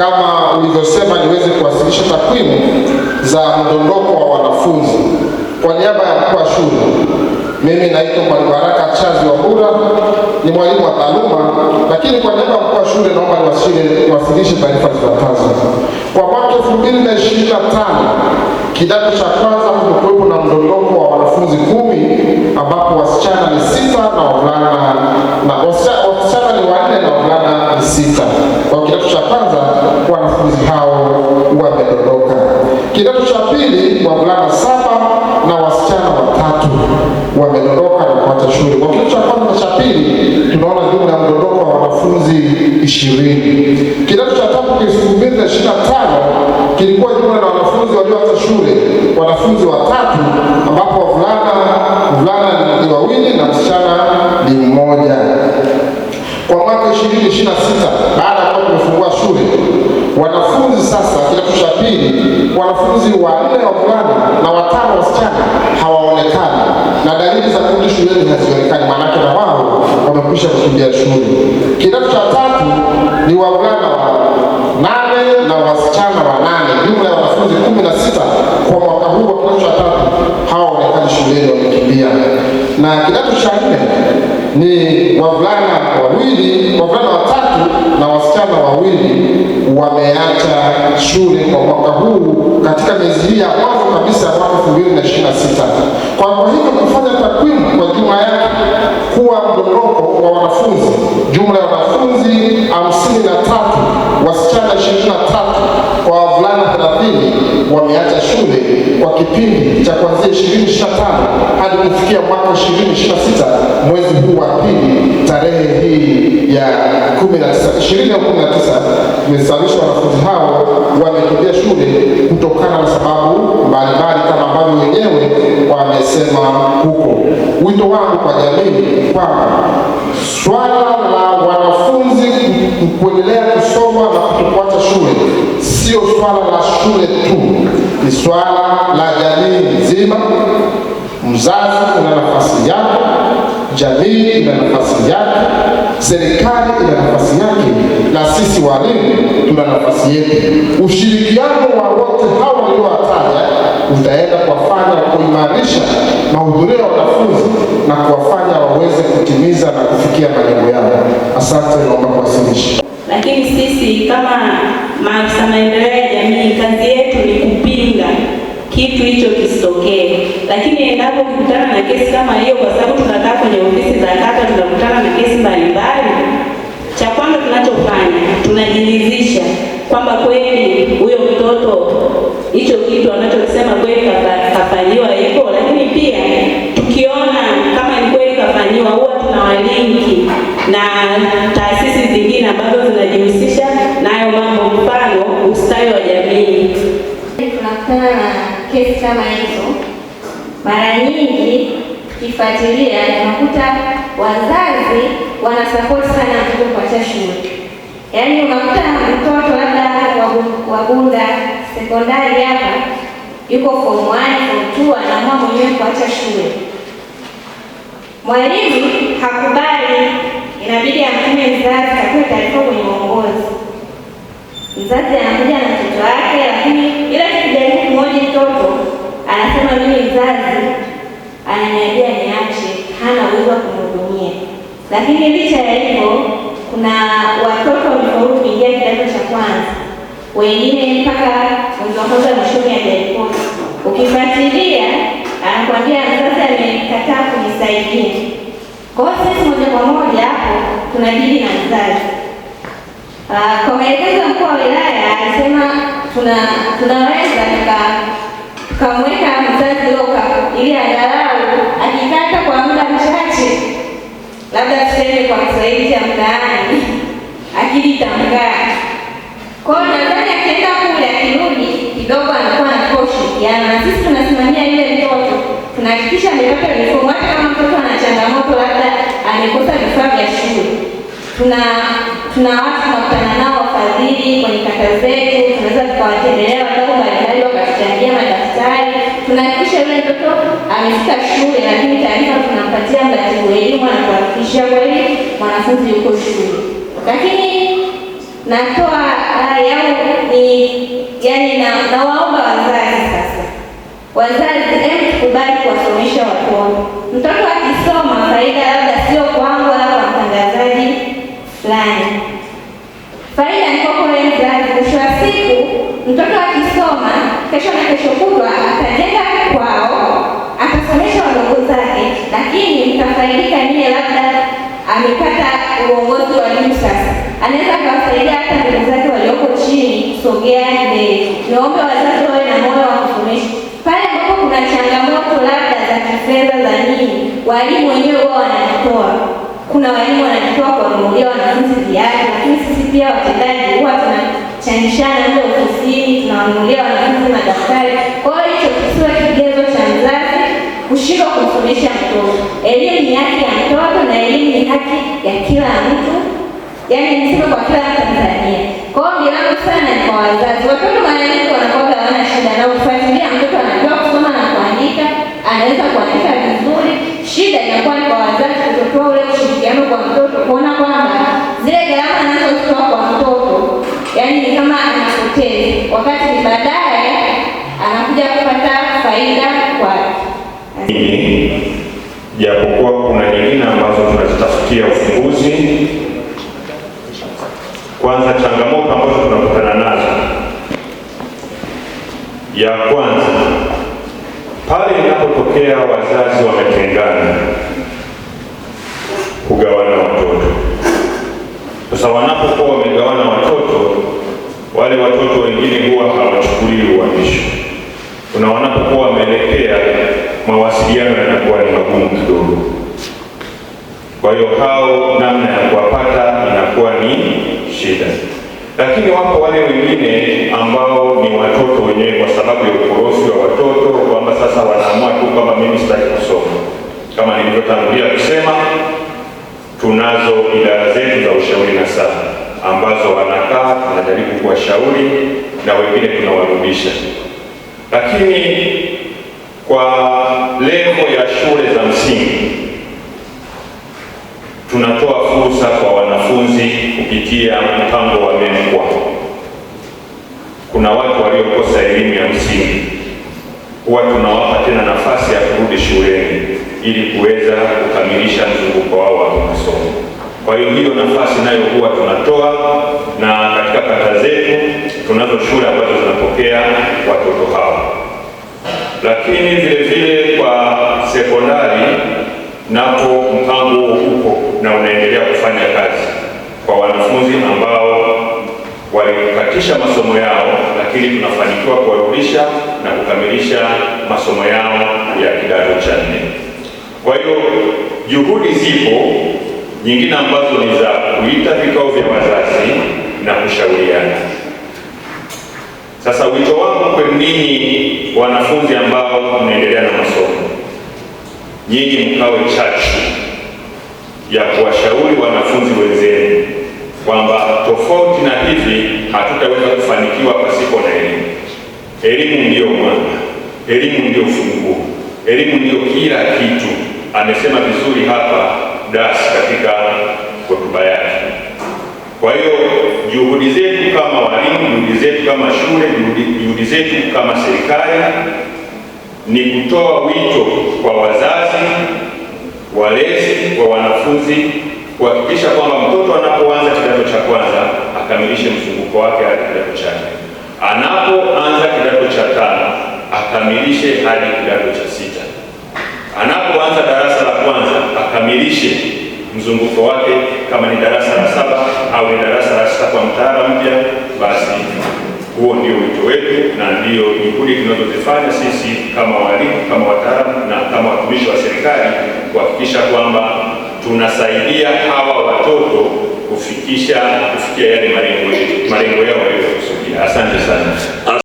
kama ulivyosema niweze kuwasilisha takwimu za mdondoko wa wanafunzi kwa niaba ya mkuu wa shule. Mimi naitwa Mwalimu Baraka Chazi Bura, ni mwalimu wa taaluma, lakini kwa niaba ya mkuu wa shule naomba niwasilishe taarifa zifuatazo. Kwa mwaka 2025 kidato cha kwanza kumekuwepo na mdondoko Kidato cha pili wavulana saba na wasichana watatu wamedondoka na kuacha shule. Kwa kidato cha kwanza na cha pili tunaona jumla ya mdondoko wa wanafunzi ishirini. Kidato cha tatu kwa elfu mbili na ishirini na tano kilikuwa jumla na wanafunzi walioacha shule wanafunzi watatu, ambapo wavulana vulana ni wawili na msichana ni mmoja. Kwa mwaka ishirini ishirini na sita baada ya kuwa tumefungua shule Wanafunzi sasa, kidato cha pili, wanafunzi wanne wavulana na watano wasichana hawaonekani, na dalili za kurudi shuleni hazionekani, maanake na wao wamekwisha kukimbia shule. Kidato cha tatu ni wavulana wa nane na wasichana wa nane, jumla ya wanafunzi kumi na sita kwa mwaka huu wa kidato cha tatu hawaonekani shuleni, wamekimbia. Na kidato cha nne ni wavulana wawili, wavulana watatu na wasichana wawili wameacha shule kwa mwaka huu katika miezi hii ya kwanza kabisa ya mwaka sita. Kwa hivyo kufanya takwimu kwa juma yake kuwa mdondoko wa wanafunzi, jumla ya wanafunzi tatu, wasichana tatu kwa wavulana thelathini wameacha shule kwa kipindi cha kuanzia 25 hadi kufikia mwaka 2026 mwezi huu wa pili tarehe hii ya 19 20 au 19, imesababisha wanafunzi hao wamekimbia shule kutokana na sababu mbalimbali kama ambavyo wenyewe wamesema huko. Wito wangu kwa jamii kwamba swala la wanafunzi kuendelea kusoma na kutokuacha shule. Sio swala la shule tu, ni swala la jamii nzima. Mzazi una nafasi yako, jamii ina nafasi yake, serikali ina nafasi yake, na sisi walimu tuna nafasi yetu. Ushirikiano wa wote hawa waliowataja utaenda kuwafanya kuimarisha mahudhurio ya wanafunzi na kuwafanya waweze kutimiza na kufikia malengo yao. Asante, naomba kuwasilisha. Lakini sisi kama maafisa maendeleo ya jamii, kazi yetu ni kupinga kitu hicho kisitokee, lakini endapo kukutana na kesi kama hiyo, kwa sababu tunakaa kwenye ofisi za kata, tunakutana na kesi mbalimbali, cha kwanza tunachofanya tunajiridhisha kwamba kweli huyo mtoto hicho kitu anachosema kweli kabisa na taasisi zingine ambazo zinajihusisha nayo mambo, mfano ustawi wa jamii. Tunakutana na kesi kama hizo mara nyingi, kifuatilia tunakuta wazazi wanasapoti sana mtoto kuacha shule, yaani unakuta mtoto labda wagunda sekondari hapa yuko form one form two, anaamua mwenyewe kuacha shule, mwalimu hakubali inabidi amtume mzazi atoe taarifa kwenye uongozi. Mzazi anakuja na mtoto wake, lakini ila tukijaribu kumhoji mtoto anasema mimi mzazi ananiambia niache, hana uwezo wa kumhudumia. Lakini licha ya hivyo, kuna watoto wamefaulu kuingia kidato cha kwanza, wengine mpaka mwezi wa kwanza mwishoni hajaikosa. Ukifuatilia anakwambia mzazi amekataa kunisaidia. Kwa hiyo sisi moja kwa moja hapo tunadili na mzazi. Ah, kwa maelekezo ya mkuu wa wilaya alisema tuna tunaweza tukamweka mzazi loka ili angalau akikata kwa muda mchache, labda tuseme kwa Kiswahili cha mtaani akili itamkaa. Kwa hiyo nadhani akienda kule akirudi kidogo anakuwa anatoa ushirikiano, na sisi tunasimamia yule mtoto tunahakikisha amepata amekosa vifaa vya shule. Tuna tuna watu tunakutana nao wafadhili kwenye kata zetu, tunaweza tukawatembelea watoto mbalimbali wakatuchangia madaftari. Tunahakikisha yule mtoto amefika shule, lakini taarifa tunampatia mratibu elimu anakuhakikishia kweli mwanafunzi yuko shule. Lakini natoa rai yangu ni yani, na nawaomba wazazi sasa, wazazi tukubali kuwasomesha watoto. Mtoto akisoma faida kesho na kesho kutwa atajenga kwao, atasomesha wadogo zake, lakini mtafaidika niye, labda amepata uongozi wa juu sasa, anaweza akawasaidia hata ndugu zake walioko chini kusogea mbele. Niombe wazazi wawe na moyo wa kufundisha pale ambapo kuna changamoto labda za kifedha za nini, walimu wenyewe wao wanajitoa. Kuna walimu wanajitoa kwa kuongea wanafunzi viatu, lakini sisi pia watendaji huwa tuna chanishana hiyo ofisini, tunawanunulia wanafunzi madaftari. Kwa hiyo hicho kisiwa kigezo cha mzazi kushindwa kumfundisha mtoto. Elimu ni haki ya mtoto na elimu ni haki ya kila mtu, yaani niseme kwa kila Mtanzania. Kwa hiyo milango sana ni kwa wazazi. Watoto mara nyingi wanakuwa hawana shida na ufuatilia, mtoto anajua kusoma na kuandika, anaweza kuandika vizuri. Shida inakuwa ni kwa wazazi kutotoa ule ushirikiano kwa mtoto, kuona kwamba yaani ni kama anapoteza, wakati ni baadaye anakuja kupata faida kwake. Japokuwa kuna nyingine ambazo tunazitafutia ufumbuzi. Kwanza, changamoto ambazo tunakutana nazo, ya kwanza pale inapotokea wazazi wametengana kugawana watoto. Sasa wanapokuwa wamegawana watoto wale watoto wengine huwa hawachukuliwi uandishi, Kuna wanapokuwa wameelekea, mawasiliano yanakuwa ni magumu kidogo. Kwa hiyo hao, namna ya kuwapata inakuwa ni shida, lakini wapo wale wengine ambao ni watoto wenyewe, kwa sababu ya ukorofi wa watoto, kwamba sasa wanaamua tu kwamba mimi sitaki kusoma. Kama nilivyotangulia kusema, tunazo idara zetu za ushauri na saha ambazo wanakaa tunajaribu kuwashauri na wengine tunawarudisha, lakini kwa lengo ya shule za msingi tunatoa fursa kwa wanafunzi kupitia mpango wa MEMKWA. Kuna watu waliokosa elimu ya msingi, huwa tunawapa tena nafasi ya kurudi shuleni ili kuweza kukamilisha mzunguko wao wa masomo. Kwa hiyo hiyo nafasi nayo huwa tunatoa, na katika kata zetu tunazo shule ambazo zinapokea watoto hao, lakini vile vile kwa sekondari napo mpango huko na unaendelea kufanya kazi kwa wanafunzi ambao walikatisha masomo yao, lakini tunafanikiwa kuwarudisha na kukamilisha masomo yao ya kidato cha nne. Kwa hiyo juhudi zipo nyingine ambazo ni za kuita vikao vya wazazi na kushauriana. Sasa wito wangu kwenu ninyi wanafunzi ambao mnaendelea na masomo, nyinyi mkawe chachu ya kuwashauri wanafunzi wenzenu kwamba tofauti na hivi hatutaweza kufanikiwa pasipo na elimu. Elimu ndiyo mwanga, elimu ndiyo funguo, elimu ndiyo kila kitu. Amesema vizuri hapa DAS katika hotuba yake. Kwa hiyo juhudi zetu kama walimu, juhudi zetu kama shule, juhudi zetu kama serikali ni kutoa wito kwa wazazi, walezi wa wanafunzi kuhakikisha kwamba mtoto anapoanza kidato cha kwanza akamilishe mzunguko wake hadi kidato cha nne, anapoanza kidato cha tano akamilishe hadi kidato cha sita, anapoanza darasa kwanza akamilishe mzunguko wake, kama ni darasa la saba au ni darasa la sita kwa mtaala mpya, basi huo ndio wito wetu na ndio juhudi tunazozifanya sisi kama walimu, kama wataalamu na kama watumishi wa serikali kuhakikisha kwamba tunasaidia hawa watoto kufikisha kufikia yale malengo yao waliokusudia. Asante sana.